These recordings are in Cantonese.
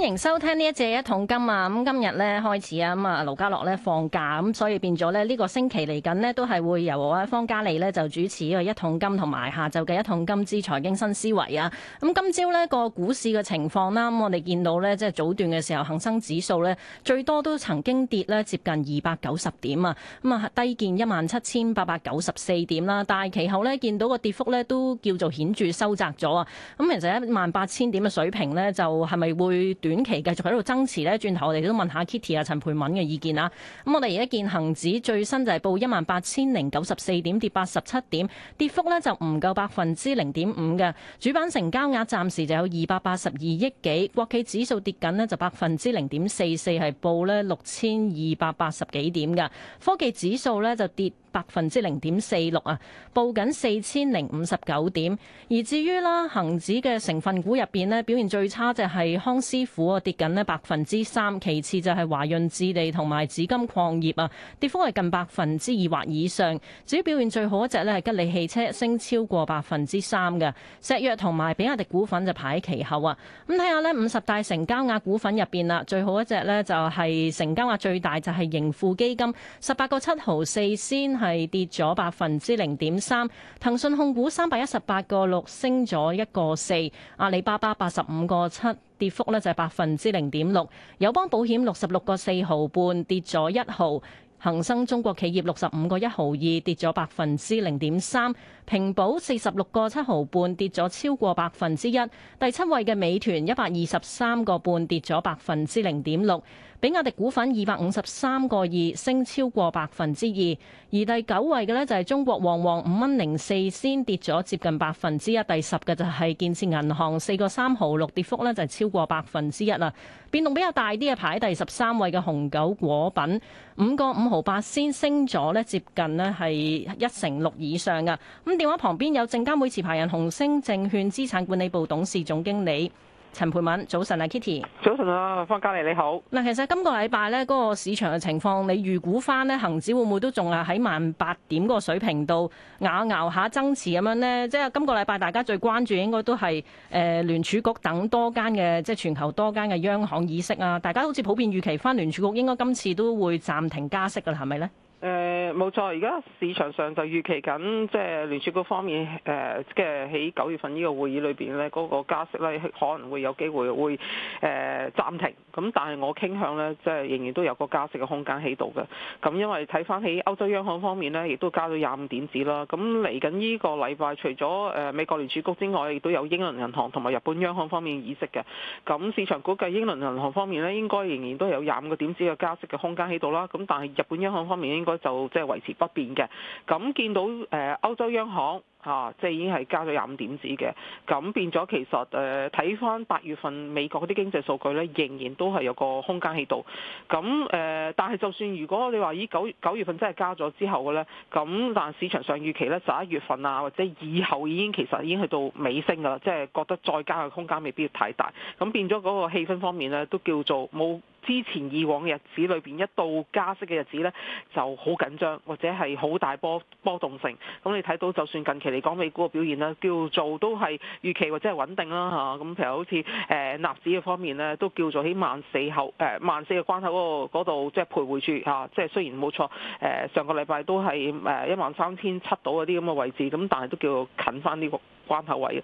歡迎收聽呢一節一桶金啊！咁今日咧開始啊，咁啊盧家樂咧放假，咁所以變咗咧呢個星期嚟緊咧都係會由啊方嘉利咧就主持啊一桶金同埋下晝嘅一桶金之財經新思維啊！咁今朝咧個股市嘅情況啦，咁我哋見到咧即係早段嘅時候，恒生指數咧最多都曾經跌咧接近二百九十點啊！咁啊低見一萬七千八百九十四點啦，但係其後咧見到個跌幅咧都叫做顯著收窄咗啊！咁其實一萬八千點嘅水平咧就係咪會？短期繼續喺度增持呢，轉頭我哋都問下 Kitty 啊、陳蓓敏嘅意見啊，咁我哋而家見恒指最新就係報一萬八千零九十四點，跌八十七點，跌幅呢就唔夠百分之零點五嘅。主板成交額暫時就有二百八十二億幾，國企指數跌緊呢就百分之零點四四，係報呢六千二百八十幾點嘅。科技指數呢就跌百分之零點四六啊，報緊四千零五十九點。而至於啦，恒指嘅成分股入邊呢，表現最差就係康師傅啊，跌緊呢百分之三。其次就係華潤置地同埋紫金礦業啊，跌幅係近百分之二或以上。至於表現最好一隻呢，係吉利汽車，升超過百分之三嘅。石藥同埋比亞迪股份就排喺其後啊。咁睇下呢，五十大成交額股份入邊啦，最好一隻呢，就係成交額最大就係盈富基金，十八個七毫四先。係跌咗百分之零點三，騰訊控股三百一十八個六升咗一個四，阿里巴巴八十五個七跌幅呢就係百分之零點六，友邦保險六十六個四毫半跌咗一毫。恒生中國企業六十五個一毫二跌咗百分之零點三，平保四十六個七毫半跌咗超過百分之一，第七位嘅美團一百二十三個半跌咗百分之零點六，比亞迪股份二百五十三個二升超過百分之二。而第九位嘅呢就係中國旺旺五蚊零四先跌咗接近百分之一，第十嘅就係建設銀行四個三毫六跌幅呢就係超過百分之一啦，變動比較大啲嘅排第十三位嘅洪九果品五個五。5. 5豪八先升咗呢接近呢係一成六以上噶。咁電話旁邊有證監會持牌人紅星證券資產管理部董事總經理。陳蓓敏，早晨啊，Kitty，早晨啊，方嘉麗，你好。嗱，其實今個禮拜咧，嗰、那個市場嘅情況，你預估翻咧，恒指會唔會都仲係喺萬八點嗰個水平度咬咬下爭持咁樣咧？即係今個禮拜大家最關注應該都係誒、呃、聯儲局等多間嘅即係全球多間嘅央行議息啊。大家好似普遍預期翻聯儲局應該今次都會暫停加息啦，係咪咧？誒冇、嗯、錯，而家市場上就預期緊，即、就、係、是、聯儲局方面誒嘅喺九月份呢個會議裏邊呢，嗰、那個加息呢可能會有機會會誒、呃、暫停。咁但係我傾向呢，即、就、係、是、仍然都有個加息嘅空間喺度嘅。咁因為睇返起歐洲央行方面呢，亦都加咗廿五點子啦。咁嚟緊呢個禮拜，除咗誒美國聯儲局之外，亦都有英倫銀行同埋日本央行方面議息嘅。咁市場估計英倫銀行方面呢，應該仍然都有廿五個點子嘅加息嘅空間喺度啦。咁但係日本央行方面應該就即係維持不變嘅，咁見到誒、呃、歐洲央行嚇、啊，即係已經係加咗廿五點子嘅，咁變咗其實誒睇翻八月份美國啲經濟數據咧，仍然都係有個空間喺度。咁誒、呃，但係就算如果你話以九九月份真係加咗之後咧，咁但市場上預期咧十一月份啊，或者以後已經其實已經去到尾聲噶啦，即係覺得再加嘅空間未必要太大。咁變咗嗰個氣氛方面咧，都叫做冇。之前以往嘅日子裏邊，一到加息嘅日子呢，就好緊張或者係好大波波動性。咁你睇到就算近期嚟講，美股嘅表現咧，叫做都係預期或者係穩定啦嚇。咁其實好似誒、呃、納指嘅方面呢，都叫做喺萬四後誒萬四嘅關口嗰度即係徘徊住嚇。即、啊、係雖然冇錯誒、呃，上個禮拜都係誒一萬三千七到嗰啲咁嘅位置，咁但係都叫做近返呢個關口位，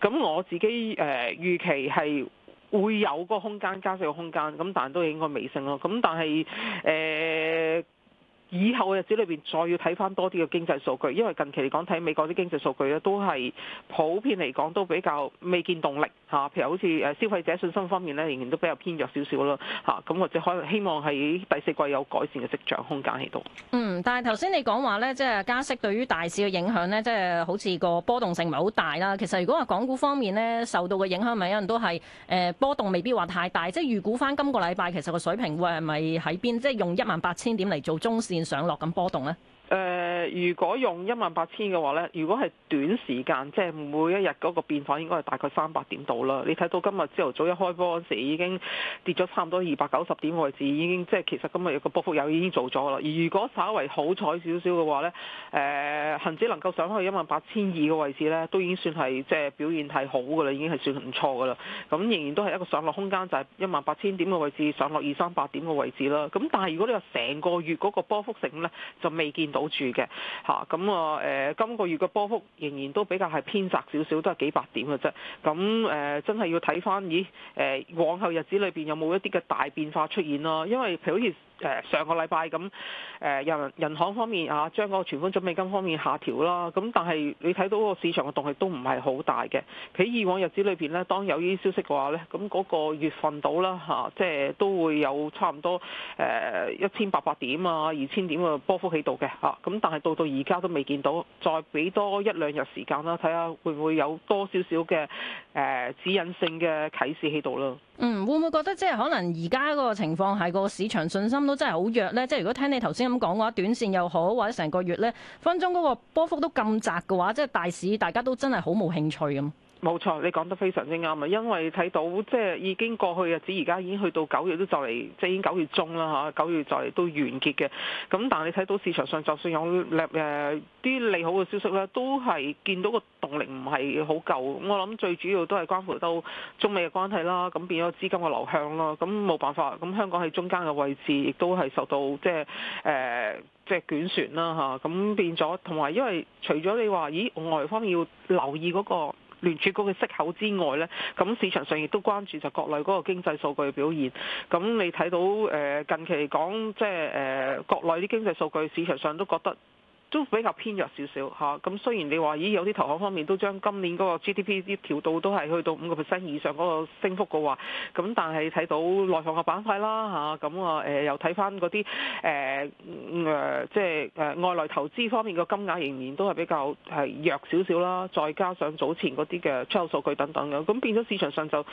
咁我自己誒、呃、預期係。會有個空間，加上個空間咁，但係都應該微升咯。咁但係誒。呃以後嘅日子裏邊，再要睇翻多啲嘅經濟數據，因為近期嚟講睇美國啲經濟數據咧，都係普遍嚟講都比較未見動力嚇。譬如好似誒消費者信心方面咧，仍然都比較偏弱少少咯嚇。咁或者可能希望喺第四季有改善嘅跡象空間喺度。嗯，但係頭先你講話咧，即係加息對於大市嘅影響咧，即係好似個波動性唔係好大啦。其實如果話港股方面咧受到嘅影響，咪一樣都係誒波動未必話太大。即係預估翻今個禮拜其實個水平會係咪喺邊？即係用一萬八千點嚟做中線。上落咁波動咧。誒、呃，如果用一萬八千嘅話呢，如果係短時間，即係每一日嗰個變況應該係大概三百點度啦。你睇到今日朝頭早一開波嗰時已經跌咗差唔多二百九十點嘅位置，已經即係其實今日有個波幅又已經做咗啦。如果稍為好彩少少嘅話呢，誒，恆指能夠上去一萬八千二嘅位置呢，都已經算係即係表現係好嘅啦，已經係算唔錯嘅啦。咁仍然都係一個上落空間，就係一萬八千點嘅位置上落二三百點嘅位置啦。咁但係如果你話成個月嗰個波幅性呢，就未見到。守住嘅吓，咁啊誒，今個月嘅波幅仍然都比較係偏窄少少，都係幾百點嘅啫。咁、嗯、誒，真係要睇翻咦誒，往後日子裏邊有冇一啲嘅大變化出現咯？因為譬如好似。誒上個禮拜咁，誒、呃、人銀行方面啊，將嗰個存款準備金方面下調啦。咁、啊、但係你睇到個市場嘅動力都唔係好大嘅。喺以往日子裏邊呢，當有呢啲消息嘅話呢，咁嗰個月份到啦嚇，即係都會有差唔多誒一千八百點啊、二千點嘅波幅喺度嘅嚇。咁、啊、但係到到而家都未見到，再俾多一兩日時間啦，睇下會唔會有多少少嘅。誒指引性嘅啟示喺度咯。嗯，會唔會覺得即係可能而家個情況係個市場信心都真係好弱呢？即係如果聽你頭先咁講嘅話，短線又好，或者成個月呢，分分鐘嗰個波幅都咁窄嘅話，即係大市大家都真係好冇興趣咁。冇錯，你講得非常之啱啊！因為睇到即係已經過去日子，而家已經去到九月都就嚟，即係已經九月中啦嚇。九月就嚟都完結嘅咁，但係你睇到市場上，就算有利誒啲利好嘅消息咧，都係見到個動力唔係好夠。我諗最主要都係關乎到中美嘅關係啦，咁變咗資金嘅流向咯。咁冇辦法，咁香港喺中間嘅位置，亦都係受到即係誒、呃、即係捲船啦嚇。咁變咗同埋，因為除咗你話咦外，方要留意嗰個。聯儲局嘅息口之外呢，咁市場上亦都關注就國內嗰個經濟數據嘅表現。咁你睇到誒近期嚟講，即係誒國內啲經濟數據市場上都覺得。都比較偏弱少少嚇，咁雖然你話咦，有啲投行方面都將今年嗰個 GDP 啲調到都係去到五個 percent 以上嗰個升幅嘅話，咁但係睇到內房嘅板塊啦嚇，咁啊誒又睇翻嗰啲誒誒即係誒外來投資方面嘅金額仍然都係比較係弱少少啦，再加上早前嗰啲嘅出口數據等等嘅，咁變咗市場上就。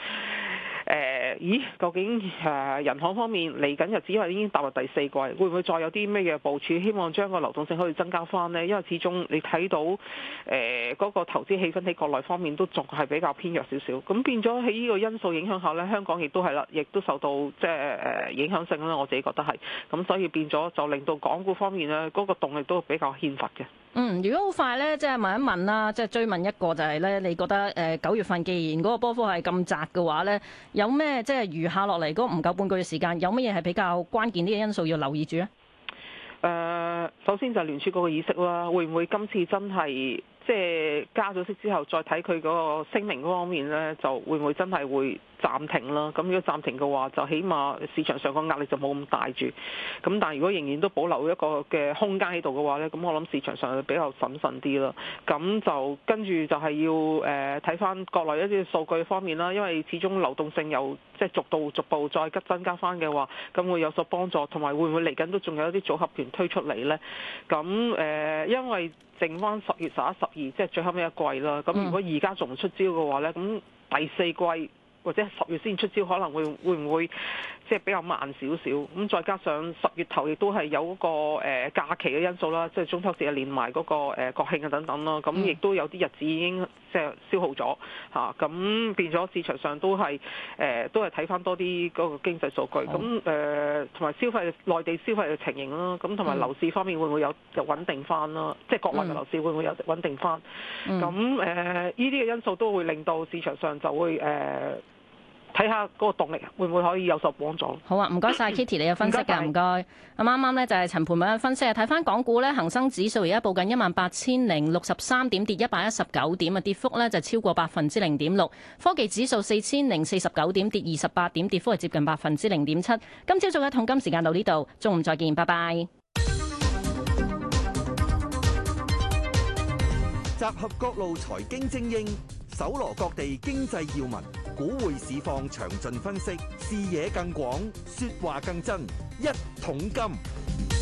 誒，咦？究竟誒，銀行方面嚟緊日子，因為已經踏入第四季，會唔會再有啲咩嘅部署？希望將個流動性可以增加翻呢？因為始終你睇到誒嗰、呃嗰個投資氣氛喺國內方面都仲係比較偏弱少少，咁變咗喺呢個因素影響下呢，香港亦都係啦，亦都受到即係誒影響性啦。我自己覺得係，咁所以變咗就令到港股方面呢，嗰、嗰個動力都比較缺乏嘅。嗯，如果好快咧，即係問一問啦，即係追問一個就係、是、咧，你覺得誒九月份既然嗰個波幅係咁窄嘅話咧，有咩即係餘下落嚟嗰個唔夠半個月時間，有乜嘢係比較關鍵啲嘅因素要留意住咧？誒、呃，首先就聯儲局嘅意識啦，會唔會今次真係？即係加咗息之後，再睇佢嗰個聲明嗰方面呢，就會唔會真係會暫停啦？咁如果暫停嘅話，就起碼市場上個壓力就冇咁大住。咁但係如果仍然都保留一個嘅空間喺度嘅話呢，咁我諗市場上比較審慎啲啦。咁就跟住就係要誒睇翻國內一啲數據方面啦，因為始終流動性有。即係逐步逐步再增加翻嘅話，咁會有所幫助，同埋會唔會嚟緊都仲有一啲組合拳推出嚟呢？咁誒、呃，因為剩翻十月、十一、十二，即係最後尾一季啦。咁如果而家仲唔出招嘅話呢，咁第四季或者十月先出招，可能會會唔會？即係比較慢少少，咁再加上十月頭亦都係有個誒假期嘅因素啦，即係中秋節啊連埋嗰個誒國慶啊等等咯，咁亦都有啲日子已經即係消耗咗嚇，咁變咗市場上都係誒都係睇翻多啲嗰個經濟數據，咁誒同埋消費內地消費嘅情形啦，咁同埋樓市方面會唔會有有穩定翻咯？即係國內嘅樓市會唔會有穩定翻？咁誒呢啲嘅因素都會令到市場上就會誒。呃睇下嗰個動力會唔會可以有所幫助？好啊，唔該晒 k i t t y 你嘅分析㗎，唔該。阿啱啱呢就係陳培敏嘅分析啊！睇翻港股呢，恒生指數而家報緊一萬八千零六十三點，跌一百一十九點啊，跌幅呢就超過百分之零點六。科技指數四千零四十九點，跌二十八點，跌幅係接近百分之零點七。今朝早嘅統金時間到呢度，中午再見，拜拜。集合各路財經精英，搜羅各地經濟要聞。股匯市況詳盡分析，視野更廣，説話更真，一桶金。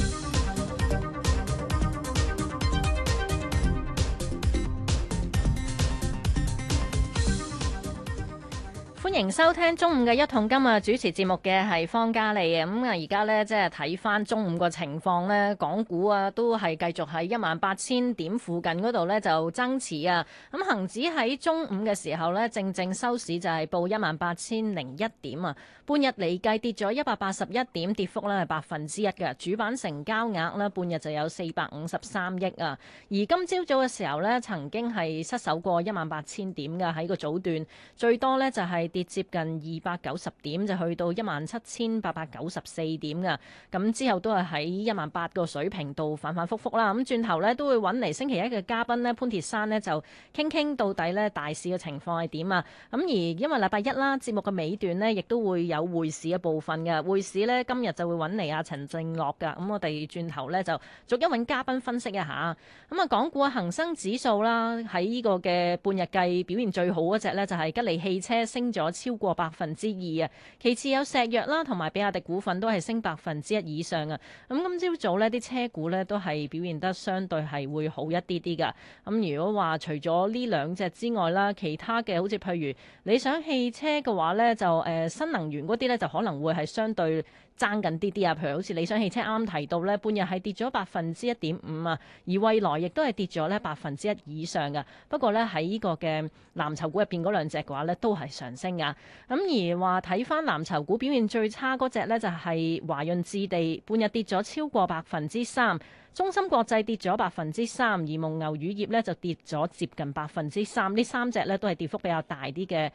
歡迎收聽中午嘅一通，今日主持節目嘅係方嘉莉啊，咁啊而家呢，即係睇翻中午個情況呢，港股啊都係繼續喺一萬八千點附近嗰度呢，就爭持啊，咁恒指喺中午嘅時候呢，正正收市就係報一萬八千零一點啊，半日嚟計跌咗一百八十一點，跌幅呢係百分之一嘅，主板成交額呢，半日就有四百五十三億啊，而今朝早嘅時候呢，曾經係失守過 18, 一萬八千點嘅，喺個早段，最多呢就係跌。接近二百九十點就去到一萬七千八百九十四點㗎，咁之後都係喺一萬八個水平度反反覆覆啦。咁轉頭呢，都會揾嚟星期一嘅嘉賓呢，潘鐵山呢，就傾傾到底呢大市嘅情況係點啊？咁而因為禮拜一啦，節目嘅尾段呢，亦都會有匯市嘅部分嘅，匯市呢，今日就會揾嚟阿陳靜樂㗎。咁我哋轉頭呢，就逐一揾嘉賓分析一下。咁啊，港股嘅恆生指數啦，喺呢個嘅半日計表現最好嗰隻呢，就係吉利汽車升咗。超過百分之二啊，其次有石藥啦，同埋比亞迪股份都係升百分之一以上啊。咁今朝早呢啲車股呢，都係表現得相對係會好一啲啲噶。咁如果話除咗呢兩隻之外啦，其他嘅好似譬如理想汽車嘅話呢，就誒、呃、新能源嗰啲呢，就可能會係相對。爭緊啲啲啊！譬如好似理想汽車啱啱提到呢，半日係跌咗百分之一點五啊，而未來亦都係跌咗呢百分之一以上嘅。不過呢，喺呢個嘅藍籌股入邊嗰兩隻嘅話呢，都係上升噶。咁而話睇翻藍籌股表現最差嗰隻呢，就係華潤置地，半日跌咗超過百分之三；中芯國際跌咗百分之三；而蒙牛乳業呢，就跌咗接近百分之三。呢三隻呢，都係跌幅比較大啲嘅。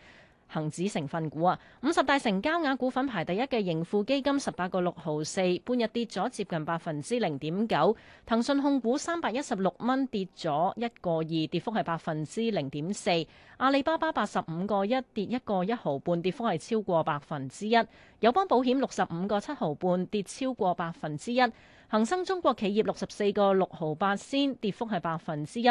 恒指成分股啊，五十大成交額股份排第一嘅盈富基金十八個六毫四，半日跌咗接近百分之零點九。騰訊控股三百一十六蚊跌咗一個二，跌幅係百分之零點四。阿里巴巴八十五個一跌一個一毫半，跌幅係超過百分之一。友邦保險六十五個七毫半跌超過百分之一。恒生中國企業六十四個六毫八仙，跌幅係百分之一。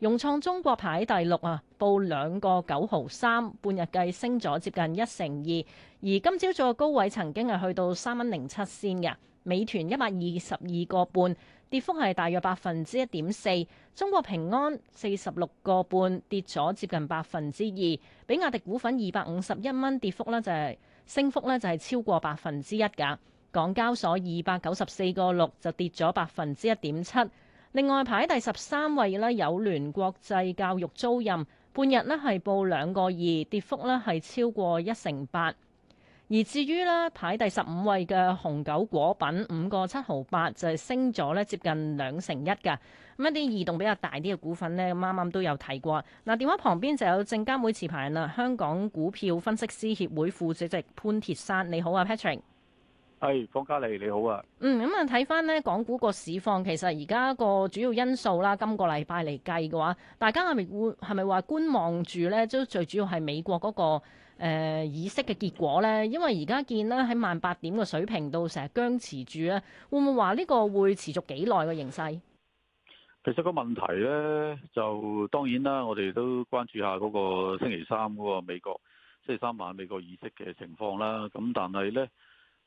融創中國排第六啊，報兩個九毫三，半日計升咗接近一成二。而今朝早高位曾經係去到三蚊零七先嘅。美團一百二十二個半，跌幅係大約百分之一點四。中國平安四十六個半，跌咗接近百分之二。比亞迪股份二百五十一蚊，跌幅呢就係、是、升幅呢就係超過百分之一㗎。港交所二百九十四個六就跌咗百分之一點七。另外排第十三位呢友聯國際教育租賃半日呢係報兩個二，跌幅呢係超過一成八。而至於呢排第十五位嘅紅九果品五個七毫八，就係升咗呢接近兩成一嘅。咁一啲移動比較大啲嘅股份呢，啱啱都有提過。嗱，電話旁邊就有證監會持牌人啦，香港股票分析師協會副主席潘鐵山，你好啊，Patrick。係，方嘉莉你好啊。嗯，咁、嗯、啊，睇翻呢港股個市況，其實而家個主要因素啦，今個禮拜嚟計嘅話，大家係咪會係咪話觀望住呢？都最主要係美國嗰、嗰個誒議息嘅結果呢？因為而家見啦，喺萬八點嘅水平度，成日僵持住咧，會唔會話呢個會持續幾耐嘅形勢？其實個問題呢，就當然啦，我哋都關注下嗰個星期三嗰個美國星期三晚美國議息嘅情況啦。咁但係呢。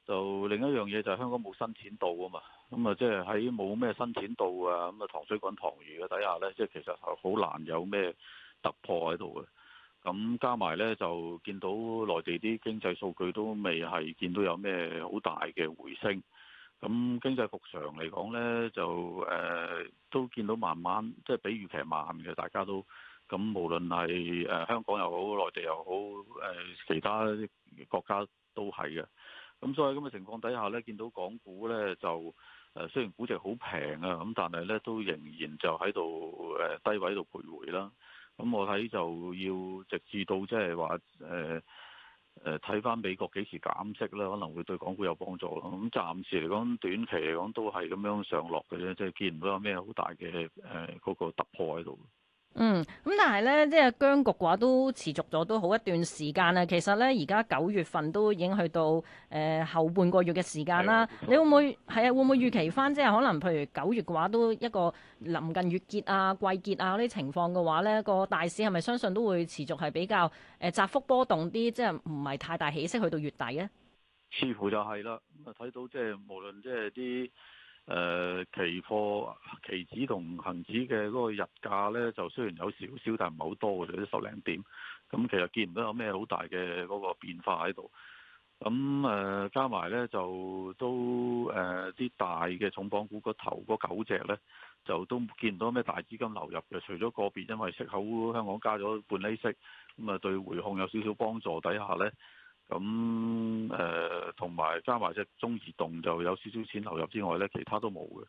就另一樣嘢就係香港冇新錢到啊嘛，咁啊即係喺冇咩新錢到啊，咁、那、啊、個、糖水滾糖魚嘅底下呢，即、就、係、是、其實係好難有咩突破喺度嘅。咁加埋呢，就見到內地啲經濟數據都未係見到有咩好大嘅回升。咁經濟復常嚟講呢，就誒、呃、都見到慢慢即係、就是、比預期慢嘅，大家都咁無論係誒香港又好，內地又好，誒、呃、其他國家都係嘅。咁所以咁嘅情況底下呢，見到港股呢，就誒雖然估值好平啊，咁但係呢，都仍然就喺度誒低位度徘徊啦。咁我睇就要直至到即係話誒誒睇返美國幾時減息啦，可能會對港股有幫助啦。咁暫時嚟講，短期嚟講都係咁樣上落嘅啫，即係見唔到有咩好大嘅誒嗰個突破喺度。嗯，咁但係咧，即係僵局嘅話都持續咗都好一段時間啦。其實咧，而家九月份都已經去到誒、呃、後半個月嘅時間啦。的你會唔會係啊、嗯？會唔會預期翻即係可能？譬如九月嘅話，都一個臨近月結啊、季結啊情況呢情況嘅話咧，個大市係咪相信都會持續係比較誒窄、呃、幅波動啲？即係唔係太大起色去到月底咧？似乎就係啦。咁啊、就是，睇到即係無論即係啲。誒期、呃、貨期指同恒指嘅嗰個日價呢，就雖然有少少，但係唔係好多嘅，都十零點。咁其實見唔到有咩好大嘅嗰個變化喺度。咁誒、呃、加埋呢，就都誒啲、呃、大嘅重磅股個頭嗰九隻呢，就都見唔到咩大資金流入嘅。除咗個別因為息口香港加咗半厘息，咁啊對匯控有少少幫助底下呢。咁誒，同埋、呃、加埋隻中移動就有少少錢投入之外呢，其他都冇嘅。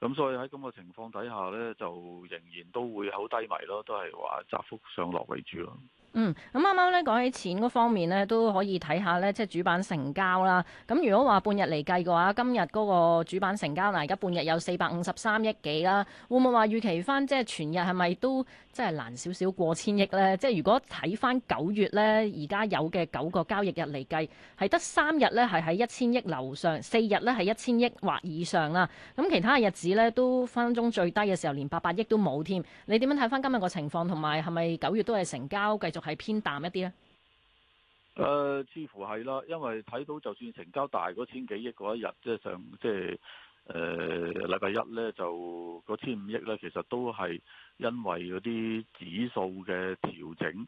咁所以喺咁嘅情況底下呢，就仍然都會好低迷咯，都係話窄幅上落為主咯。嗯，咁啱啱咧講起錢嗰方面咧，都可以睇下咧，即係主板成交啦。咁如果話半日嚟計嘅話，今日嗰個主板成交啦，而家半日有四百五十三億幾啦。會唔會話預期翻即係全日係咪都真係難少少過千億咧？即係如果睇翻九月咧，而家有嘅九個交易日嚟計，係得三日咧係喺一千億樓上，四日咧係一千億或以上啦。咁其他嘅日子咧都分分鐘最低嘅時候連八百億都冇添。你點樣睇翻今日個情況同埋係咪九月都係成交繼續。係偏淡一啲咧。誒、呃，似乎係啦，因為睇到就算成交大嗰千幾億嗰一日，即係上即係誒禮拜一咧，就嗰千五億咧，其實都係因為嗰啲指數嘅調整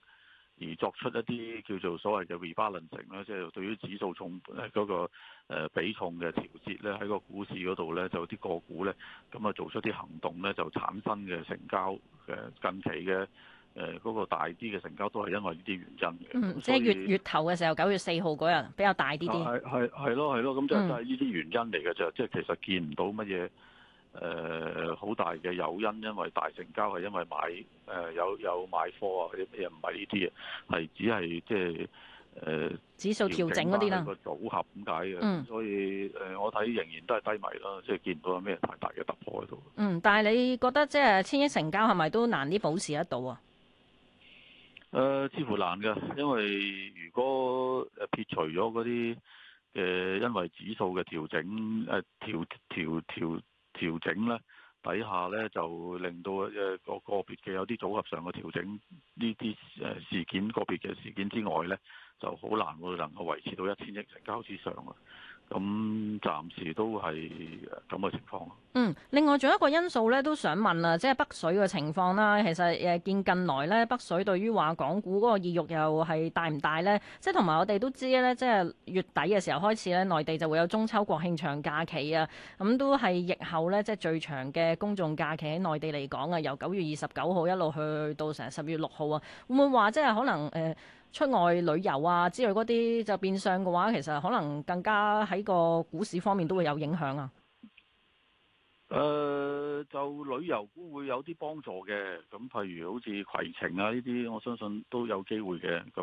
而作出一啲叫做所謂嘅 rebalance 啦，即係對於指數重嗰個誒比重嘅調節咧，喺個股市嗰度咧，就啲個股咧咁啊，做出啲行動咧，就產生嘅成交誒、呃、近期嘅。誒嗰個大啲嘅成交都係因為呢啲原因嘅，嗯，即係月月頭嘅時候，九月四號嗰日比較大啲啲，係係係咯係咯，咁就都係呢啲原因嚟嘅啫。即係其實見唔到乜嘢誒好大嘅誘因，因為大成交係因為買誒有有買貨啊，啲咩唔係呢啲嘢，係只係即係誒指數調整嗰啲啦個組合點解嘅？嗯，所以誒，我睇仍然都係低迷啦，即係見唔到有咩太大嘅突破喺度。嗯，但係你覺得即係千億成交係咪都難啲保持得到啊？誒似乎難嘅，因為如果誒撇除咗嗰啲誒因為指數嘅調整誒調調調調整咧，底下咧就令到誒、呃、個個別嘅有啲組合上嘅調整呢啲誒事件個別嘅事件之外咧，就好難會能夠維持到一千億成交之上啊。咁暫時都係咁嘅情況咯。嗯，另外仲有一個因素咧，都想問啊，即係北水嘅情況啦。其實誒見近來咧，北水對於話港股嗰個意欲又係大唔大咧？即係同埋我哋都知咧，即係月底嘅時候開始咧，內地就會有中秋、國慶長假期啊。咁、嗯、都係疫後咧，即係最長嘅公眾假期喺內地嚟講啊，由九月二十九號一路去到成十月六號啊。會唔會話即係可能誒？呃出外旅遊啊之類嗰啲就變相嘅話，其實可能更加喺個股市方面都會有影響啊。誒、呃，就旅遊股會有啲幫助嘅。咁譬如好似攜程啊呢啲，我相信都有機會嘅。咁、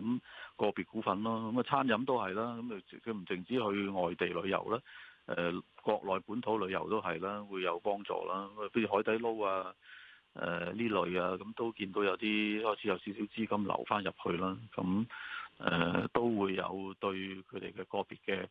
那個別股份咯，咁啊餐飲都係啦。咁啊，佢唔淨止去外地旅遊啦，誒、呃，國內本土旅遊都係啦，會有幫助啦。譬如海底撈啊。誒呢、呃、類啊，咁都見到有啲開始有少少資金流翻入去啦，咁、嗯、誒、呃、都會有對佢哋嘅個別嘅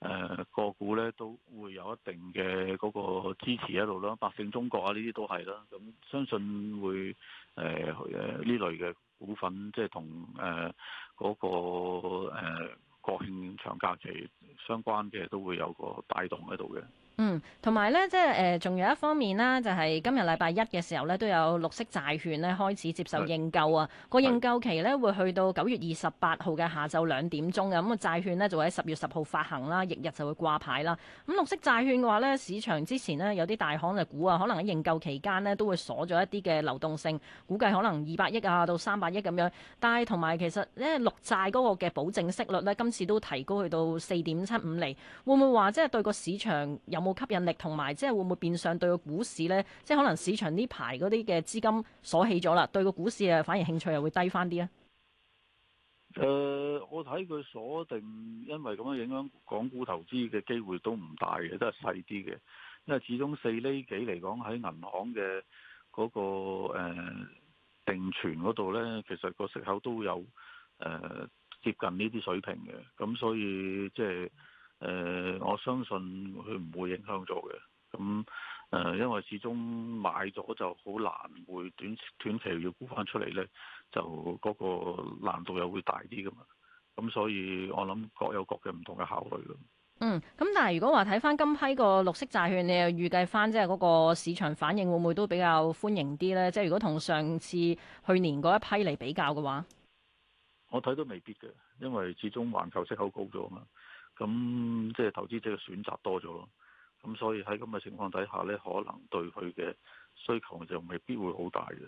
誒個股呢，都會有一定嘅嗰個支持喺度啦。百姓中國啊，呢啲都係啦，咁、嗯、相信會誒誒呢類嘅股份，即係同誒嗰、呃那個誒、呃、國慶長假期相關嘅，都會有個帶動喺度嘅。嗯，同埋咧，即係誒仲有一方面咧，就係、是、今日禮拜一嘅時候咧，都有綠色債券咧開始接受認購是啊！個認購期咧會去到九月二十八號嘅下晝兩點鐘嘅，咁、個債券咧就，就會喺十月十號發行啦，翌日就會掛牌啦。咁綠色債券嘅話咧，市場之前咧有啲大行嘅股啊，可能喺認購期間咧都會鎖咗一啲嘅流動性，估計可能二百億啊到三百億咁樣，但係同埋其實咧，綠債嗰個嘅保證息率咧，今次都提高去到四點七五厘，會唔會話即係對個市場有？有冇吸引力，同埋即係會唔會變相對個股市咧？即係可能市場呢排嗰啲嘅資金鎖起咗啦，對個股市啊反而興趣又會低翻啲啊。誒、呃，我睇佢鎖定，因為咁樣影響港股投資嘅機會都唔大嘅，都係細啲嘅。因為始終四厘幾嚟講喺銀行嘅嗰、那個誒、呃、定存嗰度咧，其實個息口都有誒、呃、接近呢啲水平嘅，咁所以即係。誒、呃，我相信佢唔會影響咗嘅。咁、嗯、誒、呃，因為始終買咗就好難，會短短期要沽翻出嚟呢，就嗰個難度又會大啲㗎嘛。咁、嗯、所以，我諗各有各嘅唔同嘅考慮咯。嗯，咁但係如果話睇翻今批個綠色債券，你又預計翻即係嗰個市場反應會唔會都比較歡迎啲呢？即、就、係、是、如果同上次去年嗰一批嚟比較嘅話，我睇都未必嘅，因為始終環球息口高咗嘛。咁即係投資者嘅選擇多咗咯，咁所以喺咁嘅情況底下呢，可能對佢嘅需求就未必會好大嘅。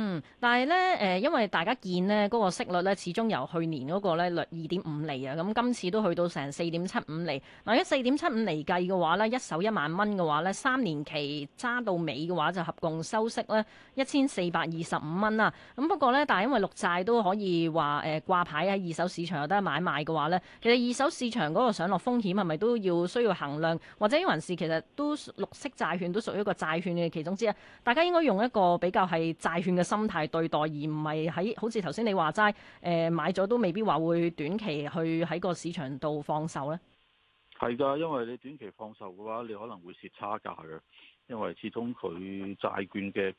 嗯，但係咧，誒、呃，因為大家見咧，嗰、那個息率咧，始終由去年嗰個咧率二點五厘啊，咁、嗯、今次都去到成四點七五厘，嗱、呃，一四點七五厘計嘅話咧，一手一萬蚊嘅話咧，三年期揸到尾嘅話就合共收息咧一千四百二十五蚊啦。咁、啊嗯、不過咧，但係因為綠債都可以話誒、呃、掛牌喺二手市場有得買賣嘅話咧，其實二手市場嗰個上落風險係咪都要需要衡量？或者還是其實都綠色債券都屬於一個債券嘅其中之一，大家應該用一個比較係債券嘅。心態對待，而唔係喺好似頭先你話齋誒，買咗都未必話會短期去喺個市場度放售咧。係噶，因為你短期放售嘅話，你可能會蝕差價嘅。因為始終佢債券嘅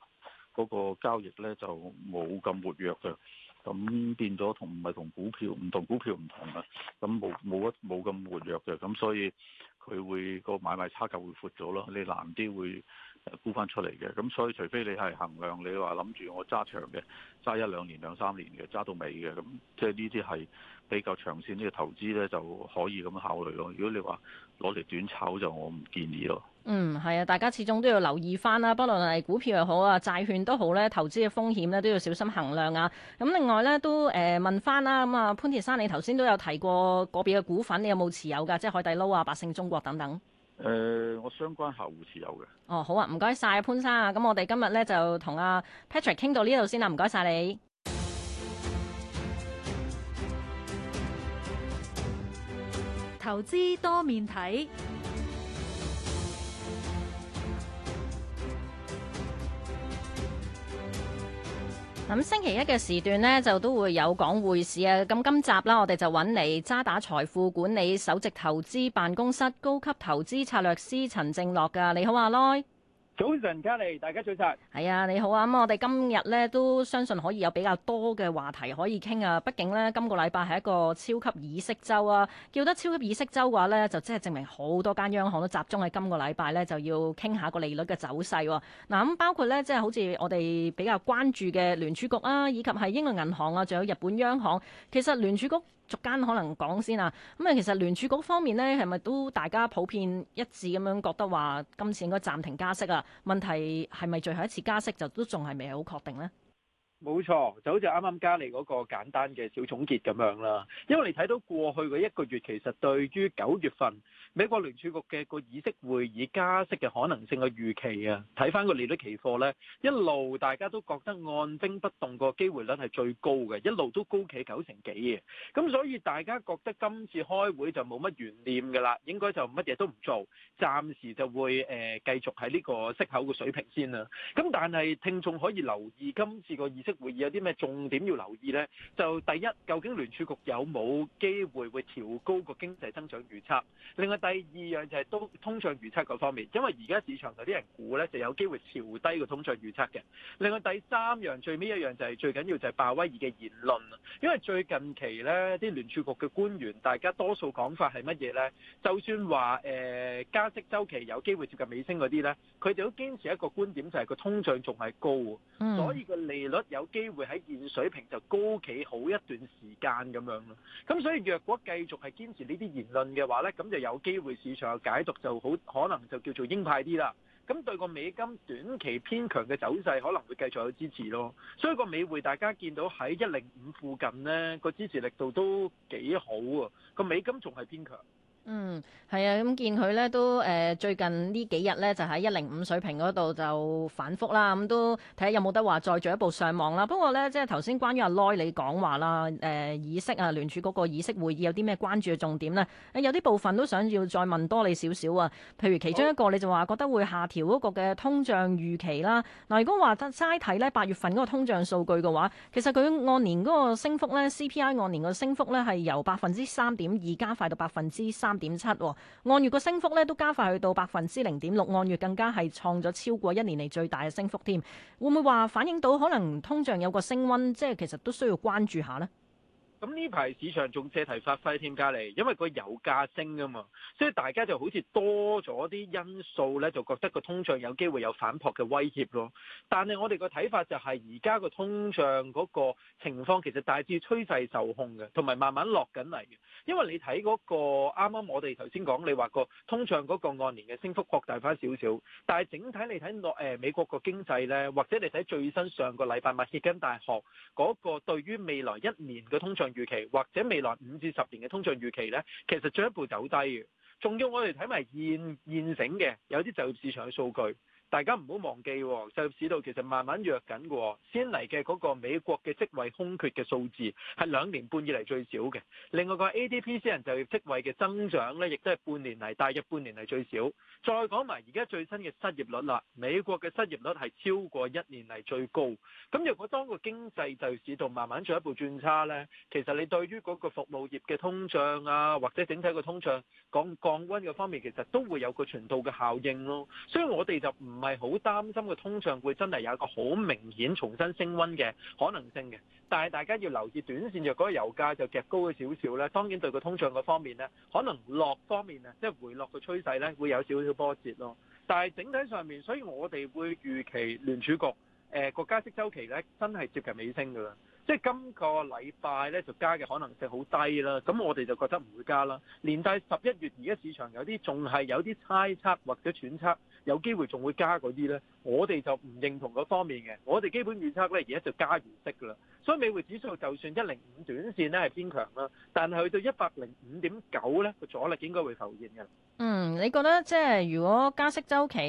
嗰個交易咧，就冇咁活躍嘅，咁變咗同唔係同股票唔同，股票唔同啊。咁冇冇，一冇咁活躍嘅，咁所以佢會個買賣差價會闊咗咯。你難啲會沽翻出嚟嘅，咁所以除非你係衡量，你話諗住我揸長嘅，揸一兩年、兩三年嘅，揸到尾嘅，咁即係呢啲係比較長線呢個投資呢，就可以咁考慮咯。如果你話攞嚟短炒就我唔建議咯。嗯，係啊，大家始終都要留意翻啦，不論係股票又好啊，債券都好呢，投資嘅風險呢，都要小心衡量啊。咁另外呢，都誒問翻啦，咁啊潘鐵山，你頭先都有提過嗰邊嘅股份，你有冇持有噶？即係海底撈啊、百勝中國等等。誒、呃，我相關客戶持有嘅。哦，好啊，唔該晒潘生啊，咁我哋今日咧就同阿 Patrick 傾到呢度先啦，唔該晒你。投資多面睇。咁星期一嘅時段呢，就都會有講匯市啊。咁今集啦，我哋就揾嚟渣打財富管理首席投資辦公室高級投資策略師陳正樂㗎，你好阿、啊、耐。早晨，嘉麗，大家早晨。係啊，你好啊。咁、嗯、我哋今日咧都相信可以有比較多嘅話題可以傾啊。畢竟咧，今個禮拜係一個超級議息周啊。叫得超級議息周嘅話咧，就即係證明好多間央行都集中喺今個禮拜咧，就要傾下個利率嘅走勢、啊。嗱、啊，咁、嗯、包括咧，即、就、係、是、好似我哋比較關注嘅聯儲局啊，以及係英國銀行啊，仲有日本央行。其實聯儲局。逐間可能講先啊，咁，啊其實聯儲局方面咧，係咪都大家普遍一致咁樣覺得話今次應該暫停加息啊？問題係咪最後一次加息就都仲係未係好確定咧？冇錯，就好似啱啱加你嗰個簡單嘅小總結咁樣啦。因為你睇到過去嘅一個月，其實對於九月份美國聯儲局嘅個議息會議加息嘅可能性嘅預期啊，睇翻個利率期貨呢，一路大家都覺得按兵不動個機會率係最高嘅，一路都高企九成幾嘅。咁所以大家覺得今次開會就冇乜懸念㗎啦，應該就乜嘢都唔做，暫時就會誒繼續喺呢個息口嘅水平先啦。咁但係聽眾可以留意今次個議息。會議有啲咩重點要留意呢？就第一，究竟聯儲局有冇機會會調高個經濟增長預測？另外第二樣就係都通脹預測嗰方面，因為而家市場有啲人估呢，就有機會調低個通脹預測嘅。另外第三樣最尾一樣就係、是、最緊要就係鮑威爾嘅言論，因為最近期呢，啲聯儲局嘅官員，大家多數講法係乜嘢呢？就算話誒、呃、加息週期有機會接近尾聲嗰啲呢，佢哋都堅持一個觀點就係、是、個通脹仲係高，所以個利率有機會喺現水平就高企好一段時間咁樣咯，咁所以若果繼續係堅持呢啲言論嘅話呢，咁就有機會市場解讀就好可能就叫做鷹派啲啦。咁對個美金短期偏強嘅走勢可能會繼續有支持咯。所以個美匯大家見到喺一零五附近呢個支持力度都幾好啊，個美金仲係偏強。嗯，係啊，咁見佢咧都誒、呃、最近幾呢幾日咧就喺一零五水平嗰度就反覆啦，咁、嗯、都睇下有冇得話再進一步上望啦。不過咧，即係頭先關於阿 Loy 你講話啦，誒、呃、議息啊聯儲嗰個議息會議有啲咩關注嘅重點呢？有啲部分都想要再問多你少少啊。譬如其中一個你就話覺得會下調嗰個嘅通脹預期啦。嗱、啊，如果話齋睇呢八月份嗰個通脹數據嘅話，其實佢按年嗰個升幅咧 CPI 按年嘅升幅咧係由百分之三點二加快到百分之三點七按月個升幅咧都加快去到百分之零點六，按月更加係創咗超過一年嚟最大嘅升幅添。會唔會話反映到可能通脹有個升溫？即係其實都需要關注下呢。咁呢排市場仲借題發揮添，加嚟，因為個油價升啊嘛，所以大家就好似多咗啲因素咧，就覺得個通脹有機會有反撲嘅威脅咯。但係我哋個睇法就係，而家個通脹嗰個情況其實大致趨勢受控嘅，同埋慢慢落緊嚟嘅。因為你睇嗰個啱啱我哋頭先講，你話個通脹嗰個按年嘅升幅擴大翻少少，但係整體你睇落誒美國個經濟咧，或者你睇最新上個禮拜密歇根大學嗰個對於未來一年嘅通脹。預期或者未來五至十年嘅通脹預期咧，其實進一步走低嘅，仲要我哋睇埋現現成嘅有啲就業市場嘅數據。大家唔好忘記喎，就業市道其實慢慢弱緊嘅喎。先嚟嘅嗰個美國嘅職位空缺嘅數字係兩年半以嚟最少嘅。另外個 ADP 私人就業職位嘅增長呢，亦都係半年嚟大約半年嚟最少。再講埋而家最新嘅失業率啦，美國嘅失業率係超過一年嚟最高。咁如果當個經濟就業市道慢慢進一步轉差呢，其實你對於嗰個服務業嘅通脹啊，或者整體個通脹講降溫嘅方面，其實都會有個傳導嘅效應咯。所以我哋就唔唔係好擔心個通脹會真係有一個好明顯重新升溫嘅可能性嘅，但係大家要留意短線就嗰個油價就夾高咗少少咧，當然對個通脹個方面咧，可能落方面咧，即係回落嘅趨勢咧，會有少少波折咯。但係整體上面，所以我哋會預期聯儲局誒國家息週期咧，真係接近尾聲㗎啦。即係今個禮拜咧就加嘅可能性好低啦，咁我哋就覺得唔會加啦。連帶十一月而家市場有啲仲係有啲猜測或者揣測。有機會仲會加嗰啲呢，我哋就唔認同嗰方面嘅。我哋基本預測呢，而家就加完息噶啦。所以美匯指數就算一零五，短線呢係偏強啦，但係去到一百零五點九呢，個阻力應該會浮現嘅。嗯，你覺得即係如果加息週期，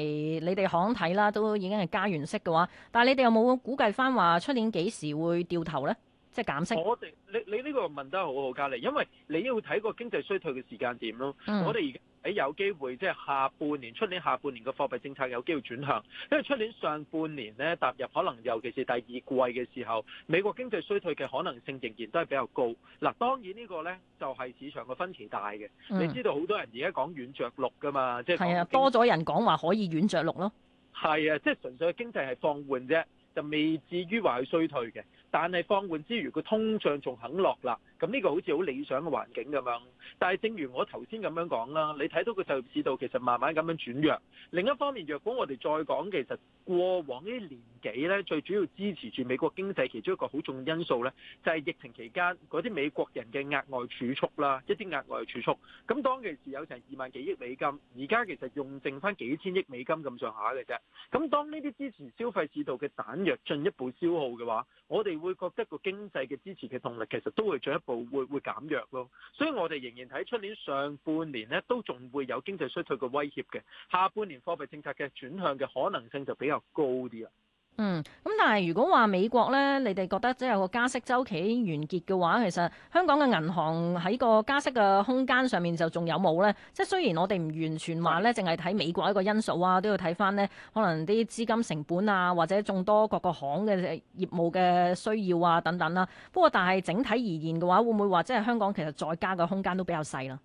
你哋行睇啦，都已經係加完息嘅話，但係你哋有冇估計翻話出年幾時會掉頭呢？即係減息。我哋你你呢個問得好好，嘉利，因為你要睇個經濟衰退嘅時間點咯。嗯、我哋而家喺有機會，即係下半年、出年下半年嘅貨幣政策有機會轉向，因為出年上半年咧踏入，可能尤其是第二季嘅時候，美國經濟衰退嘅可能性仍然都係比較高。嗱，當然個呢個咧就係、是、市場嘅分歧大嘅。嗯、你知道好多人而家講軟着陸㗎嘛？即係係啊，多咗人講話可以軟着陸咯。係啊，即、就、係、是、純粹經濟係放緩啫。就未至於話係衰退嘅，但係放緩之餘，佢通脹仲肯落啦。咁呢個好似好理想嘅環境咁樣，但係正如我頭先咁樣講啦，你睇到個就業市道其實慢慢咁樣轉弱。另一方面，若果我哋再講，其實過往呢年幾呢，最主要支持住美國經濟其中一個好重因素呢，就係疫情期間嗰啲美國人嘅額外儲蓄啦，一啲額外儲蓄。咁當其時有成二萬幾億美金，而家其實用剩返幾千億美金咁上下嘅啫。咁當呢啲支持消費市道嘅彈藥進一步消耗嘅話，我哋會覺得個經濟嘅支持嘅動力其實都會進一步.會會減弱咯，所以我哋仍然睇出年上半年咧都仲會有經濟衰退嘅威脅嘅，下半年貨幣政策嘅轉向嘅可能性就比較高啲啦。嗯，咁但係如果話美國咧，你哋覺得即係個加息周期完結嘅話，其實香港嘅銀行喺個加息嘅空間上面就仲有冇咧？即係雖然我哋唔完全話咧，淨係睇美國一個因素啊，都要睇翻咧，可能啲資金成本啊，或者眾多各個行嘅業務嘅需要啊等等啦，啊。不過但係整體而言嘅話，會唔會話即係香港其實再加嘅空間都比較細啦？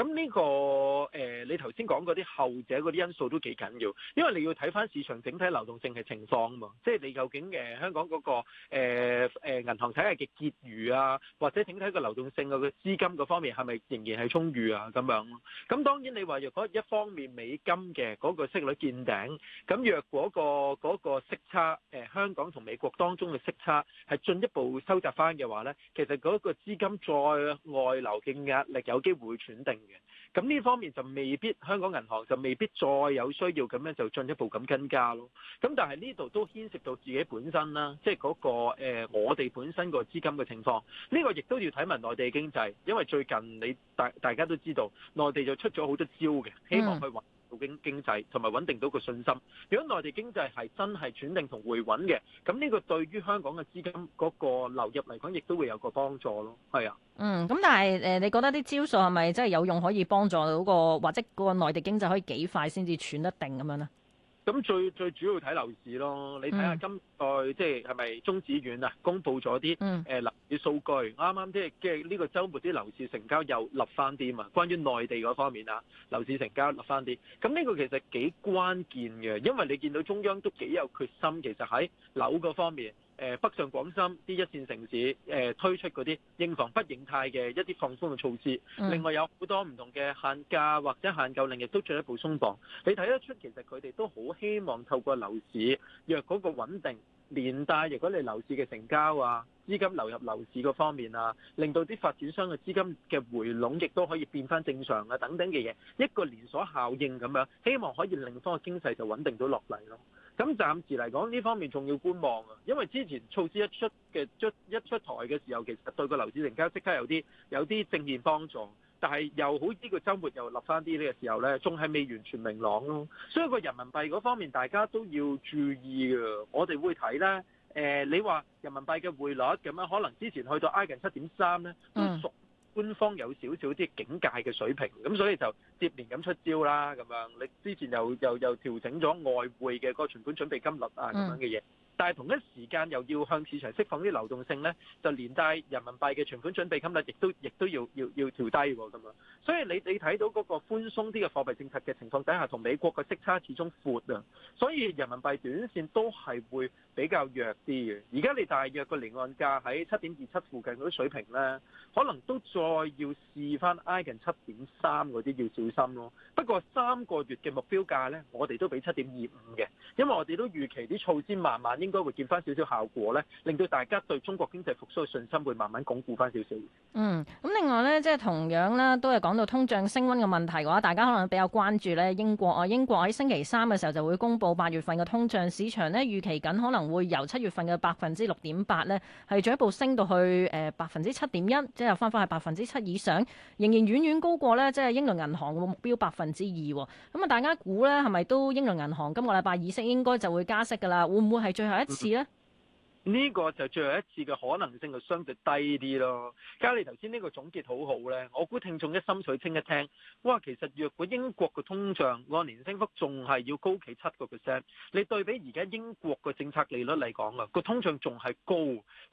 咁呢個誒，你頭先講嗰啲後者嗰啲因素都幾緊要，因為你要睇翻市場整體流動性嘅情況啊嘛，即係你究竟誒香港嗰個誒誒銀行體系嘅結餘啊，或者整體個流動性個資金嗰方面係咪仍然係充裕啊咁樣？咁當然你話若果一方面美金嘅嗰個息率見頂，咁若果嗰個嗰個息差誒香港同美國當中嘅息差係進一步收窄翻嘅話咧，其實嗰個資金再外流嘅壓力有機會會轉定。咁呢方面就未必香港銀行就未必再有需要咁樣就進一步咁跟加咯。咁但係呢度都牽涉到自己本身啦，即係嗰個我哋本身個資金嘅情況。呢個亦都要睇埋內地經濟，因為最近你大，大家都知道內地就出咗好多招嘅，希望去到經經濟同埋穩定到個信心，如果內地經濟係真係轉定同回穩嘅，咁呢個對於香港嘅資金嗰個流入嚟講亦都會有個幫助咯，係啊。嗯，咁但係誒，你覺得啲招數係咪真係有用，可以幫助到個或者個內地經濟可以幾快先至轉得定咁樣呢？咁最最主要睇樓市咯，你睇下今代即係係咪中指院啊，公布咗啲誒樓市數據，啱啱即係即係呢個周末啲樓市成交又立翻啲啊嘛，關於內地嗰方面啊，樓市成交立翻啲，咁呢個其實幾關鍵嘅，因為你見到中央都幾有決心，其實喺樓嗰方面。北上廣深啲一線城市誒、呃、推出嗰啲應房不應貸嘅一啲放寬嘅措施，mm. 另外有好多唔同嘅限價或者限購令，亦都進一步鬆綁。你睇得出其實佢哋都好希望透過樓市若嗰個穩定，連帶如果你樓市嘅成交啊、資金流入樓市嗰方面啊，令到啲發展商嘅資金嘅回籠亦都可以變翻正常啊等等嘅嘢，一個連鎖效應咁樣，希望可以令到個經濟就穩定到落嚟咯。咁暫時嚟講，呢方面仲要觀望啊，因為之前措施一出嘅出一出台嘅時候，其實對個樓市成交即刻有啲有啲正面幫助，但係又好似呢個周末又立翻啲，呢個時候呢仲係未完全明朗咯。所以個人民幣嗰方面，大家都要注意㗎。我哋會睇啦，誒、呃，你話人民幣嘅匯率咁樣，可能之前去到挨近七點三咧，都屬，嗯官方有少少啲警戒嘅水平，咁所以就接連咁出招啦，咁樣你之前又又又調整咗外匯嘅個存款準備金率啊，咁樣嘅嘢。但係同一時間又要向市場釋放啲流動性咧，就連帶人民幣嘅存款準備金率亦都亦都要要要調低喎咁啊！所以你你睇到嗰個寬鬆啲嘅貨幣政策嘅情況底下，同美國嘅息差始終闊啊，所以人民幣短線都係會比較弱啲嘅。而家你大約個離岸價喺七點二七附近嗰啲水平咧，可能都再要試返挨近七點三嗰啲要小心咯。不過三個月嘅目標價咧，我哋都俾七點二五嘅，因為我哋都預期啲措施慢慢應。應該會見翻少少效果咧，令到大家對中國經濟復甦嘅信心會慢慢鞏固翻少少。嗯，咁另外咧，即係同樣啦，都係講到通脹升温嘅問題嘅話，大家可能比較關注咧英國啊。英國喺星期三嘅時候就會公布八月份嘅通脹，市場呢預期緊可能會由七月份嘅百分之六點八咧，係進一步升到去誒百分之七點一，即係翻翻係百分之七以上，仍然遠遠高過咧即係英倫銀行嘅目標百分之二。咁啊，大家估咧係咪都英倫銀行今個禮拜議息應該就會加息噶啦？會唔會係最後？一次啊。呢個就最後一次嘅可能性就相對低啲咯。加上你頭先呢個總結好好呢，我估聽眾一心水清一聽，哇！其實若果英國嘅通脹按年升幅仲係要高企七個 percent，你對比而家英國嘅政策利率嚟講啊，個通脹仲係高，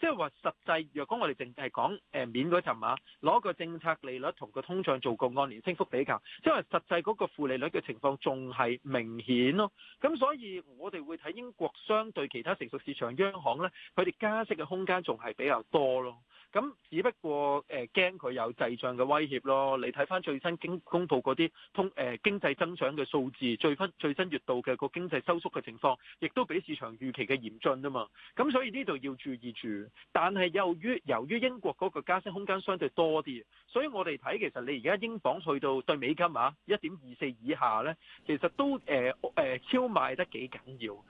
即係話實際若果我哋淨係講誒面嗰陣啊，攞個政策利率同個通脹做個按年升幅比較，即係話實際嗰個負利率嘅情況仲係明顯咯。咁所以我哋會睇英國相對其他成熟市場央行呢。佢哋加息嘅空間仲係比較多咯。咁只不過誒驚佢有滯脹嘅威脅咯。你睇翻最新經公佈嗰啲通誒經濟增長嘅數字，最新最新月度嘅個經濟收縮嘅情況，亦都比市場預期嘅嚴峻啊嘛。咁所以呢度要注意住。但係由於由於英國嗰個加息空間相對多啲，所以我哋睇其實你而家英鎊去到對美金啊一點二四以下呢，其實都誒誒超賣得幾緊要。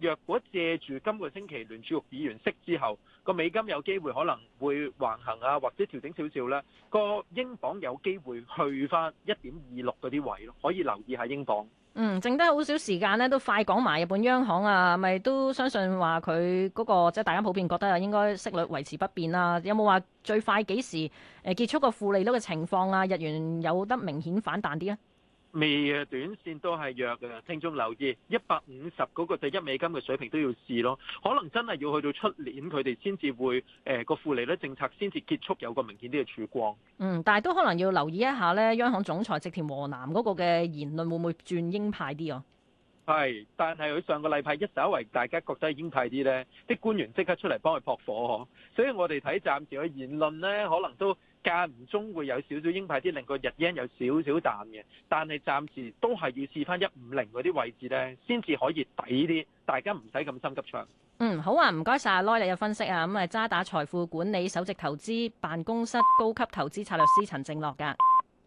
若果借住今個星期聯儲局議息之後，個美金有機會可能會。會橫行啊，或者調整少少咧，個英鎊有機會去返一點二六嗰啲位咯，可以留意下英鎊。嗯，剩低好少時間呢，都快講埋日本央行啊，咪都相信話佢嗰個，即係大家普遍覺得啊，應該息率維持不變啊。有冇話最快幾時誒結束個負利率嘅情況啊？日元有得明顯反彈啲啊？未短線都係弱嘅，聽眾留意一百五十嗰個就一美金嘅水平都要試咯，可能真係要去到出年佢哋先至會誒個、呃、負利率政策先至結束，有個明顯啲嘅曙光。嗯，但係都可能要留意一下呢央行總裁植田和男嗰個嘅言論會唔會轉鷹派啲啊？係，但係佢上個禮拜一稍為大家覺得鷹派啲咧，啲官員即刻出嚟幫佢撲火呵，所以我哋睇暫時嘅言論咧，可能都間唔中會有少少鷹派啲，令個日 y 有少少淡嘅，但係暫時都係要試翻一五零嗰啲位置咧，先至可以抵啲，大家唔使咁心急唱，嗯，好啊，唔該晒。阿 Lo，y 你嘅分析啊，咁啊渣打財富管理首席投資辦公室高級投資策略師陳正樂噶。